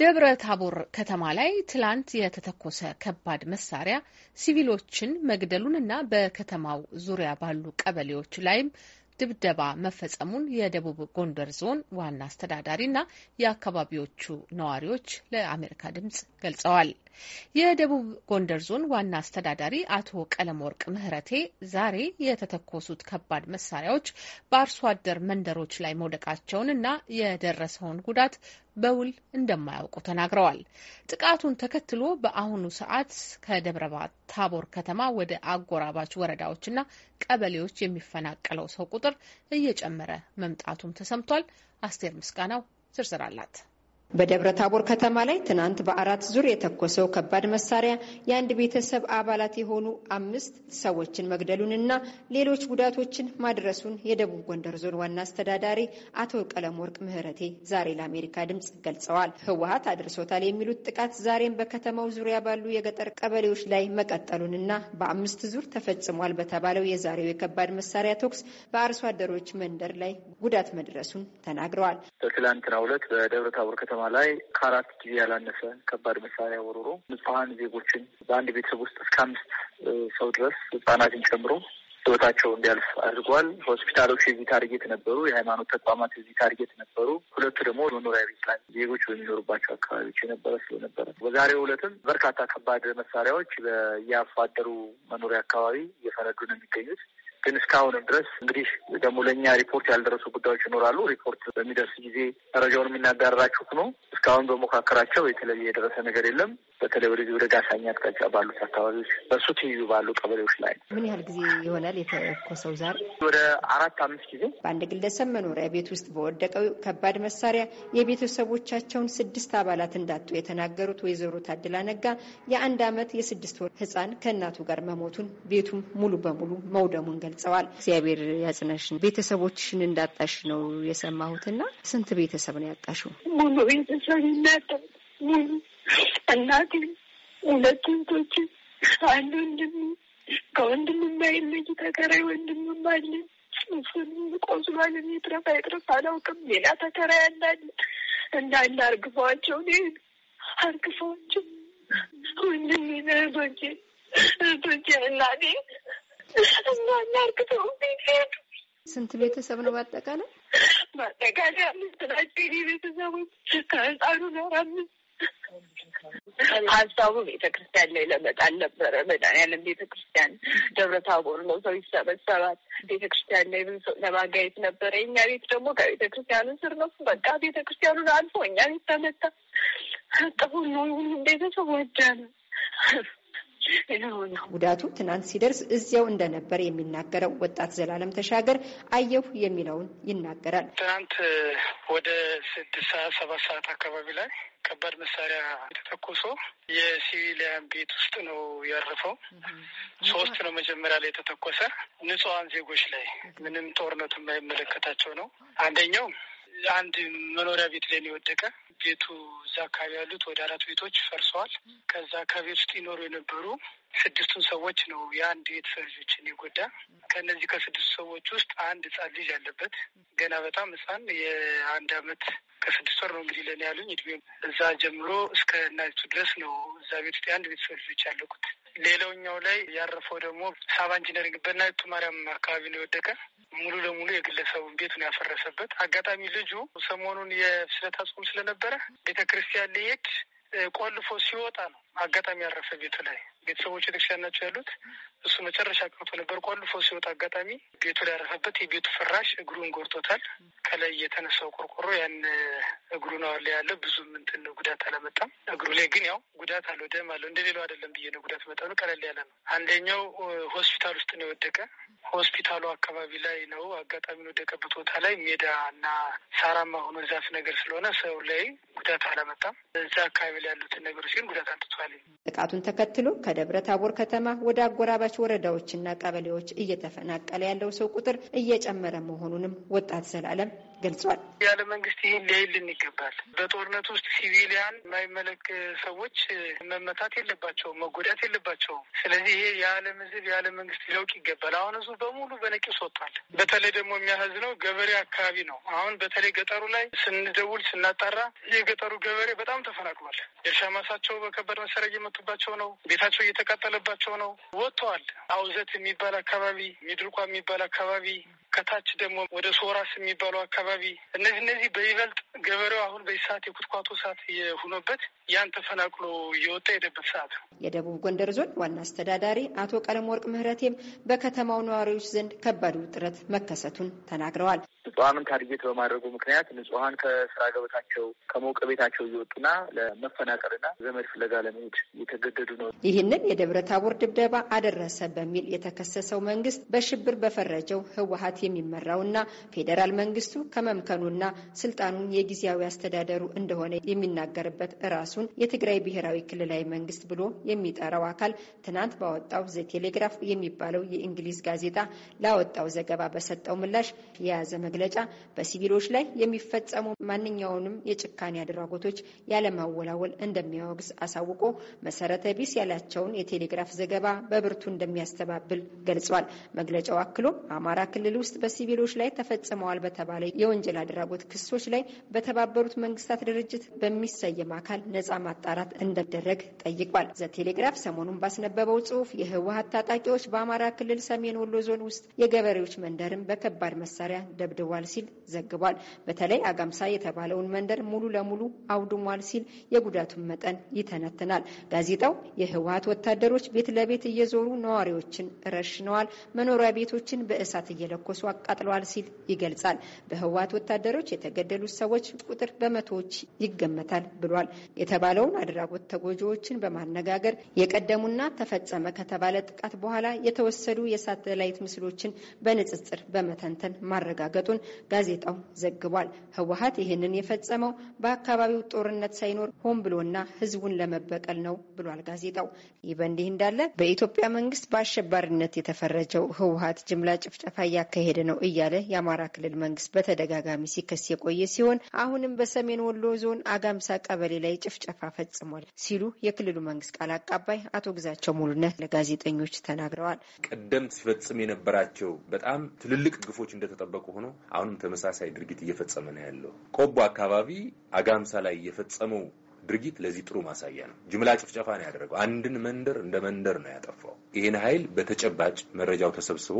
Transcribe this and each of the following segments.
ደብረ ታቦር ከተማ ላይ ትላንት የተተኮሰ ከባድ መሳሪያ ሲቪሎችን መግደሉንና በከተማው ዙሪያ ባሉ ቀበሌዎች ላይም ድብደባ መፈጸሙን የደቡብ ጎንደር ዞን ዋና አስተዳዳሪና የአካባቢዎቹ ነዋሪዎች ለአሜሪካ ድምጽ ገልጸዋል። የደቡብ ጎንደር ዞን ዋና አስተዳዳሪ አቶ ቀለም ወርቅ ምህረቴ ዛሬ የተተኮሱት ከባድ መሳሪያዎች በአርሶ አደር መንደሮች ላይ መውደቃቸውን እና የደረሰውን ጉዳት በውል እንደማያውቁ ተናግረዋል። ጥቃቱን ተከትሎ በአሁኑ ሰዓት ከደብረ ታቦር ከተማ ወደ አጎራባች ወረዳዎችና ቀበሌዎች የሚፈናቀለው ሰው ቁጥር እየጨመረ መምጣቱም ተሰምቷል። አስቴር ምስጋናው ዝርዝር አላት። በደብረ ታቦር ከተማ ላይ ትናንት በአራት ዙር የተኮሰው ከባድ መሳሪያ የአንድ ቤተሰብ አባላት የሆኑ አምስት ሰዎችን መግደሉንና ሌሎች ጉዳቶችን ማድረሱን የደቡብ ጎንደር ዞን ዋና አስተዳዳሪ አቶ ቀለም ወርቅ ምህረቴ ዛሬ ለአሜሪካ ድምፅ ገልጸዋል። ህወሀት አድርሶታል የሚሉት ጥቃት ዛሬም በከተማው ዙሪያ ባሉ የገጠር ቀበሌዎች ላይ መቀጠሉንና በአምስት ዙር ተፈጽሟል በተባለው የዛሬው የከባድ መሳሪያ ተኩስ በአርሶ አደሮች መንደር ላይ ጉዳት መድረሱን ተናግረዋል። በትላንትና ሁለት በደብረ ታቦር ከተማ ከተማ ላይ ከአራት ጊዜ ያላነሰ ከባድ መሳሪያ ወርውሮ ንጹሐን ዜጎችን በአንድ ቤተሰብ ውስጥ እስከ አምስት ሰው ድረስ ህጻናትን ጨምሮ ህይወታቸው እንዲያልፍ አድርጓል። ሆስፒታሎች የዚህ ታርጌት ነበሩ። የሃይማኖት ተቋማት የዚህ ታርጌት ነበሩ። ሁለቱ ደግሞ መኖሪያ ቤት ላይ ዜጎች በሚኖሩባቸው አካባቢዎች የነበረ ስለነበረ በዛሬው ዕለትም በርካታ ከባድ መሳሪያዎች በየአርሶ አደሩ መኖሪያ አካባቢ እየፈነዱ ነው የሚገኙት። ግን እስካሁንም ድረስ እንግዲህ ደግሞ ለእኛ ሪፖርት ያልደረሱ ጉዳዮች ይኖራሉ። ሪፖርት በሚደርስ ጊዜ መረጃውን የምናጋራችሁ ነው። እስካሁን በሞካከራቸው የተለየ የደረሰ ነገር የለም። በተለይ ወደ ወደ ዳሳኛ አቅጣጫ ባሉት አካባቢዎች በእሱ ትይዩ ባሉ ቀበሌዎች ላይ ምን ያህል ጊዜ ይሆናል የተኮሰው? ዛሬ ወደ አራት አምስት ጊዜ በአንድ ግለሰብ መኖሪያ ቤት ውስጥ በወደቀው ከባድ መሳሪያ የቤተሰቦቻቸውን ስድስት አባላት እንዳጡ የተናገሩት ወይዘሮ ታድላ ነጋ የአንድ አመት የስድስት ወር ህፃን ከእናቱ ጋር መሞቱን ቤቱም ሙሉ በሙሉ መውደሙን ገልጸዋል። እግዚአብሔር ያጽናሽን ቤተሰቦችሽን እንዳጣሽ ነው የሰማሁትና ስንት ቤተሰብ ነው ያጣሽው? ሙሉ ቤተሰብ እናቴ ሁለት እህቶች አንድ ወንድም ከወንድም የማይለይ ተከራይ ወንድምም አለን። እሱን ቆስሏል። ይትረፍ አይትረፍ አላውቅም። ሌላ ተከራይ አላለን እና አርግፈዋቸው ኔ አርግፈዋቸው ወንድም እህቶቼ እህቶቼ እናቴ እና አርግፈው ሄዱ። ስንት ቤተሰብ ነው በአጠቃላይ? በአጠቃላይ አምስት ናቸው ቤተሰቦች ከህፃኑ ጋር አምስት ሀሳቡ ቤተክርስቲያን ላይ ለመጣል ነበረ። መድኃኒዓለም ቤተክርስቲያን ደብረ ታቦር ነው። ሰው ይሰበሰባል። ቤተክርስቲያን ላይ ብዙ ሰው ለማጋየት ነበረ። የኛ ቤት ደግሞ ከቤተክርስቲያኑ ስር ነው። በቃ ቤተክርስቲያኑን አልፎ እኛ ቤት ተመታ። ሁሉ ሁሉም ቤተሰብ ወዳነ ጉዳቱ ትናንት ሲደርስ እዚያው እንደነበር የሚናገረው ወጣት ዘላለም ተሻገር አየሁ የሚለውን ይናገራል። ትናንት ወደ ስድስት ሰዓት ሰባት ሰዓት አካባቢ ላይ ከባድ መሳሪያ የተተኮሶ የሲቪሊያን ቤት ውስጥ ነው ያረፈው። ሶስት ነው መጀመሪያ ላይ የተተኮሰ ንጹሐን ዜጎች ላይ ምንም ጦርነቱ የማይመለከታቸው ነው። አንደኛው አንድ መኖሪያ ቤት ላይ ነው የወደቀ ቤቱ። እዛ አካባቢ ያሉት ወደ አራት ቤቶች ፈርሰዋል። ከዛ ከቤት ውስጥ ይኖሩ የነበሩ ስድስቱን ሰዎች ነው የአንድ ቤት ፈርጆችን የጎዳ። ከእነዚህ ከስድስቱ ሰዎች ውስጥ አንድ ህጻን ልጅ ያለበት ገና በጣም ህጻን የአንድ አመት ከስድስት ወር ነው እንግዲህ ለእኔ ያሉኝ እድሜ። እዛ ጀምሮ እስከ እናቱ ድረስ ነው እዛ ቤት ውስጥ የአንድ ቤተሰብ ልጆች ያለቁት። ሌላውኛው ላይ ያረፈው ደግሞ ሳባ ኢንጂነሪንግ በእናቱ ማርያም አካባቢ ነው የወደቀ ሙሉ ለሙሉ የግለሰቡን ቤት ነው ያፈረሰበት። አጋጣሚ ልጁ ሰሞኑን የስለት አጽም ስለነበረ ቤተ ክርስቲያን ሊሄድ ቆልፎ ሲወጣ ነው አጋጣሚ ያረፈ ቤቱ ላይ ቤተሰቦች ቤተክርስቲያን ናቸው ያሉት። እሱ መጨረሻ ቀርቶ ነበር። ቆልፎ ሲወጣ አጋጣሚ ቤቱ ሊያረፈበት የቤቱ ፍራሽ እግሩን ጎርቶታል። ከላይ የተነሳው ቆርቆሮ ያን እግሩ ነው አለ ያለ ብዙም ጉዳት አላመጣም። እግሩ ላይ ግን ያው ጉዳት አለው፣ ደም አለው። እንደሌለው ሌላው አይደለም ብዬ ነው። ጉዳት መጠኑ ቀለል ያለ ነው። አንደኛው ሆስፒታል ውስጥ ነው የወደቀ። ሆስፒታሉ አካባቢ ላይ ነው አጋጣሚ የወደቀበት ቦታ ላይ ሜዳ እና ሳራማ ሆኖ ዛፍ ነገር ስለሆነ ሰው ላይ ጉዳት አላመጣም። እዛ አካባቢ ላይ ያሉትን ነገሮች ግን ጉዳት አንጥቷል። ጥቃቱን ተከትሎ ከደብረ ታቦር ከተማ ወደ አጎራባ አጎራባች ወረዳዎችና ቀበሌዎች እየተፈናቀለ ያለው ሰው ቁጥር እየጨመረ መሆኑንም ወጣት ዘላለም ገልጿል። ያለ መንግስት ይህን ሊያይልን ይገባል። በጦርነት ውስጥ ሲቪሊያን የማይመለክ ሰዎች መመታት የለባቸውም፣ መጎዳት የለባቸውም። ስለዚህ ይሄ የዓለም ህዝብ የዓለም መንግስት ሊያውቅ ይገባል። አሁን ህዝቡ በሙሉ በነቂስ ወጥቷል። በተለይ ደግሞ የሚያሳዝነው ገበሬ አካባቢ ነው። አሁን በተለይ ገጠሩ ላይ ስንደውል ስናጣራ የገጠሩ ገበሬ በጣም ተፈናቅሏል። የእርሻ ማሳቸው በከባድ መሳሪያ እየመቱባቸው ነው። ቤታቸው እየተቃጠለባቸው ነው። ወጥተዋል። አውዘት የሚባል አካባቢ፣ ሚድርቋ የሚባል አካባቢ ከታች ደግሞ ወደ ሶራስ የሚባለው አካባቢ እነዚህ እነዚህ በይበልጥ ገበሬው አሁን በዚህ ሰዓት የኩትኳቶ ሰዓት የሆኖበት ያን ተፈናቅሎ እየወጣ የሄደበት ሰዓት ነው። የደቡብ ጎንደር ዞን ዋና አስተዳዳሪ አቶ ቀለም ወርቅ ምህረቴም በከተማው ነዋሪዎች ዘንድ ከባድ ውጥረት መከሰቱን ተናግረዋል። ጾምን ታርጌት በማድረጉ ምክንያት ንጹሀን ከስራ ገበታቸው ከሞቀ ቤታቸው እየወጡና ለመፈናቀልና ዘመድ ፍለጋ ለመሄድ እየተገደዱ ነው። ይህንን የደብረ ታቦር ድብደባ አደረሰ በሚል የተከሰሰው መንግስት በሽብር በፈረጀው ህወሀት የሚመራውና ፌዴራል መንግስቱ ከመምከኑና ስልጣኑን የጊዜያዊ አስተዳደሩ እንደሆነ የሚናገርበት ራሱን የትግራይ ብሔራዊ ክልላዊ መንግስት ብሎ የሚጠራው አካል ትናንት ባወጣው ዘ ቴሌግራፍ የሚባለው የእንግሊዝ ጋዜጣ ላወጣው ዘገባ በሰጠው ምላሽ የያዘ መግለጫ መግለጫ በሲቪሎች ላይ የሚፈጸሙ ማንኛውንም የጭካኔ አድራጎቶች ያለማወላወል እንደሚያወግዝ አሳውቆ መሰረተ ቢስ ያላቸውን የቴሌግራፍ ዘገባ በብርቱ እንደሚያስተባብል ገልጿል። መግለጫው አክሎ አማራ ክልል ውስጥ በሲቪሎች ላይ ተፈጽመዋል በተባለ የወንጀል አድራጎት ክሶች ላይ በተባበሩት መንግስታት ድርጅት በሚሰየም አካል ነጻ ማጣራት እንደደረግ ጠይቋል። ዘቴሌግራፍ ሰሞኑን ባስነበበው ጽሁፍ የህወሀት ታጣቂዎች በአማራ ክልል ሰሜን ወሎ ዞን ውስጥ የገበሬዎች መንደርን በከባድ መሳሪያ ደብደው ወርዋል ሲል ዘግቧል። በተለይ አጋምሳ የተባለውን መንደር ሙሉ ለሙሉ አውድሟል ሲል የጉዳቱን መጠን ይተነትናል። ጋዜጣው የህወሀት ወታደሮች ቤት ለቤት እየዞሩ ነዋሪዎችን ረሽነዋል፣ መኖሪያ ቤቶችን በእሳት እየለኮሱ አቃጥለዋል ሲል ይገልጻል። በህወሀት ወታደሮች የተገደሉት ሰዎች ቁጥር በመቶዎች ይገመታል ብሏል። የተባለውን አድራጎት ተጎጂዎችን በማነጋገር የቀደሙና ተፈጸመ ከተባለ ጥቃት በኋላ የተወሰዱ የሳተላይት ምስሎችን በንጽጽር በመተንተን ማረጋገጡን መሆኑን ጋዜጣው ዘግቧል። ህወሀት ይህንን የፈጸመው በአካባቢው ጦርነት ሳይኖር ሆን ብሎና ህዝቡን ለመበቀል ነው ብሏል ጋዜጣው። ይህ በእንዲህ እንዳለ በኢትዮጵያ መንግስት በአሸባሪነት የተፈረጀው ህወሀት ጅምላ ጭፍጨፋ እያካሄደ ነው እያለ የአማራ ክልል መንግስት በተደጋጋሚ ሲከስ የቆየ ሲሆን አሁንም በሰሜን ወሎ ዞን አጋምሳ ቀበሌ ላይ ጭፍጨፋ ፈጽሟል ሲሉ የክልሉ መንግስት ቃል አቃባይ አቶ ግዛቸው ሙሉነት ለጋዜጠኞች ተናግረዋል። ቀደም ሲፈጽም የነበራቸው በጣም ትልልቅ ግፎች እንደተጠበቁ ሆነው አሁንም ተመሳሳይ ድርጊት እየፈጸመ ነው ያለው። ቆቦ አካባቢ አጋምሳ ላይ እየፈጸመው ድርጊት ለዚህ ጥሩ ማሳያ ነው። ጅምላ ጭፍጨፋ ነው ያደረገው። አንድን መንደር እንደ መንደር ነው ያጠፋው። ይህን ኃይል በተጨባጭ መረጃው ተሰብስቦ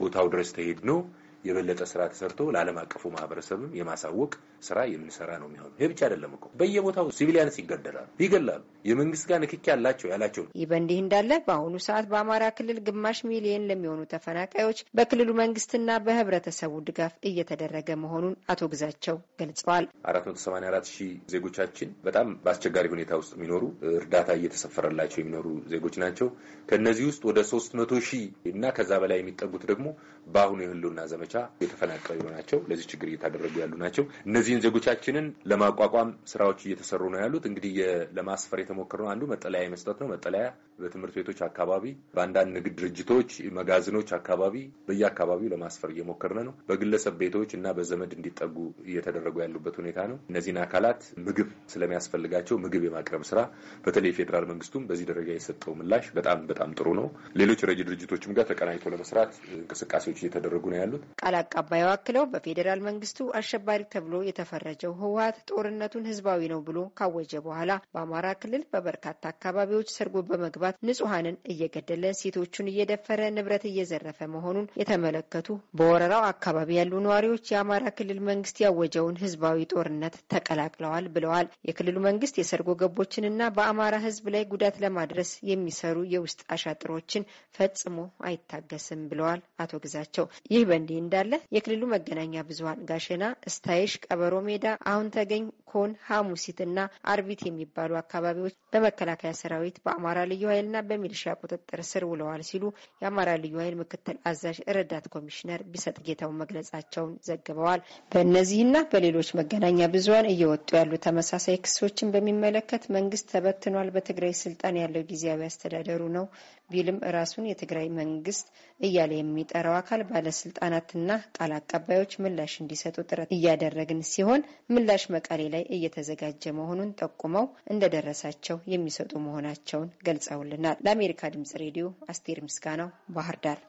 ቦታው ድረስ ተሄድ ነው የበለጠ ስራ ተሰርቶ ለዓለም አቀፉ ማህበረሰብም የማሳወቅ ስራ የምንሰራ ነው የሚሆነው። ይህ ብቻ አይደለም እኮ በየቦታው ሲቪሊያንስ ይገደላሉ፣ ይገላሉ። የመንግስት ጋር ንክኪ ያላቸው ያላቸው ይህ በእንዲህ እንዳለ በአሁኑ ሰዓት በአማራ ክልል ግማሽ ሚሊየን ለሚሆኑ ተፈናቃዮች በክልሉ መንግስትና በህብረተሰቡ ድጋፍ እየተደረገ መሆኑን አቶ ግዛቸው ገልጸዋል። አራት መቶ ሰማንያ አራት ሺህ ዜጎቻችን በጣም በአስቸጋሪ ሁኔታ ውስጥ የሚኖሩ እርዳታ እየተሰፈረላቸው የሚኖሩ ዜጎች ናቸው። ከእነዚህ ውስጥ ወደ ሶስት መቶ ሺህ እና ከዛ በላይ የሚጠጉት ደግሞ በአሁኑ የህልውና ዘመቻ ቦታ የተፈናቀሉ ናቸው። ለዚህ ችግር እየታደረጉ ያሉ ናቸው። እነዚህን ዜጎቻችንን ለማቋቋም ስራዎች እየተሰሩ ነው ያሉት። እንግዲህ ለማስፈር የተሞከረው አንዱ መጠለያ የመስጠት ነው። መጠለያ በትምህርት ቤቶች አካባቢ፣ በአንዳንድ ንግድ ድርጅቶች፣ መጋዘኖች አካባቢ፣ በየአካባቢው ለማስፈር እየሞከርን ነው። በግለሰብ ቤቶች እና በዘመድ እንዲጠጉ እየተደረጉ ያሉበት ሁኔታ ነው። እነዚህን አካላት ምግብ ስለሚያስፈልጋቸው ምግብ የማቅረብ ስራ በተለይ ፌዴራል መንግስቱም በዚህ ደረጃ የሰጠው ምላሽ በጣም በጣም ጥሩ ነው። ሌሎች ረጅ ድርጅቶችም ጋር ተቀናጅቶ ለመስራት እንቅስቃሴዎች እየተደረጉ ነው ያሉት። ቃል አቀባዩ አክለው በፌዴራል መንግስቱ አሸባሪ ተብሎ የተፈረጀው ህወሀት ጦርነቱን ህዝባዊ ነው ብሎ ካወጀ በኋላ በአማራ ክልል በበርካታ አካባቢዎች ሰርጎ በመግባት ንጹሐንን እየገደለ ሴቶቹን እየደፈረ ንብረት እየዘረፈ መሆኑን የተመለከቱ በወረራው አካባቢ ያሉ ነዋሪዎች የአማራ ክልል መንግስት ያወጀውን ህዝባዊ ጦርነት ተቀላቅለዋል ብለዋል። የክልሉ መንግስት የሰርጎ ገቦችንና በአማራ ህዝብ ላይ ጉዳት ለማድረስ የሚሰሩ የውስጥ አሻጥሮችን ፈጽሞ አይታገስም ብለዋል አቶ ግዛቸው። ይህ በእንዲህ እንዳለ የክልሉ መገናኛ ብዙሀን ጋሸና፣ ስታይሽ፣ ቀበሮ ሜዳ፣ አሁን ተገኝ፣ ኮን፣ ሀሙሲት እና አርቢት የሚባሉ አካባቢዎች በመከላከያ ሰራዊት በአማራ ልዩ ኃይልና በሚሊሻ ቁጥጥር ስር ውለዋል ሲሉ የአማራ ልዩ ኃይል ምክትል አዛዥ ረዳት ኮሚሽነር ቢሰጥ ጌታው መግለጻቸውን ዘግበዋል። በእነዚህና በሌሎች መገናኛ ብዙሀን እየወጡ ያሉ ተመሳሳይ ክሶችን በሚመለከት መንግስት ተበትኗል፣ በትግራይ ስልጣን ያለው ጊዜያዊ አስተዳደሩ ነው ቢልም ራሱን የትግራይ መንግስት እያለ የሚጠራው አካል ባለስልጣናትና ቃል አቀባዮች ምላሽ እንዲሰጡ ጥረት እያደረግን ሲሆን ምላሽ መቀሌ ላይ እየተዘጋጀ መሆኑን ጠቁመው እንደደረሳቸው የሚሰጡ መሆናቸውን ገልጸውልናል። ለአሜሪካ ድምጽ ሬዲዮ አስቴር ምስጋናው ባህር ዳር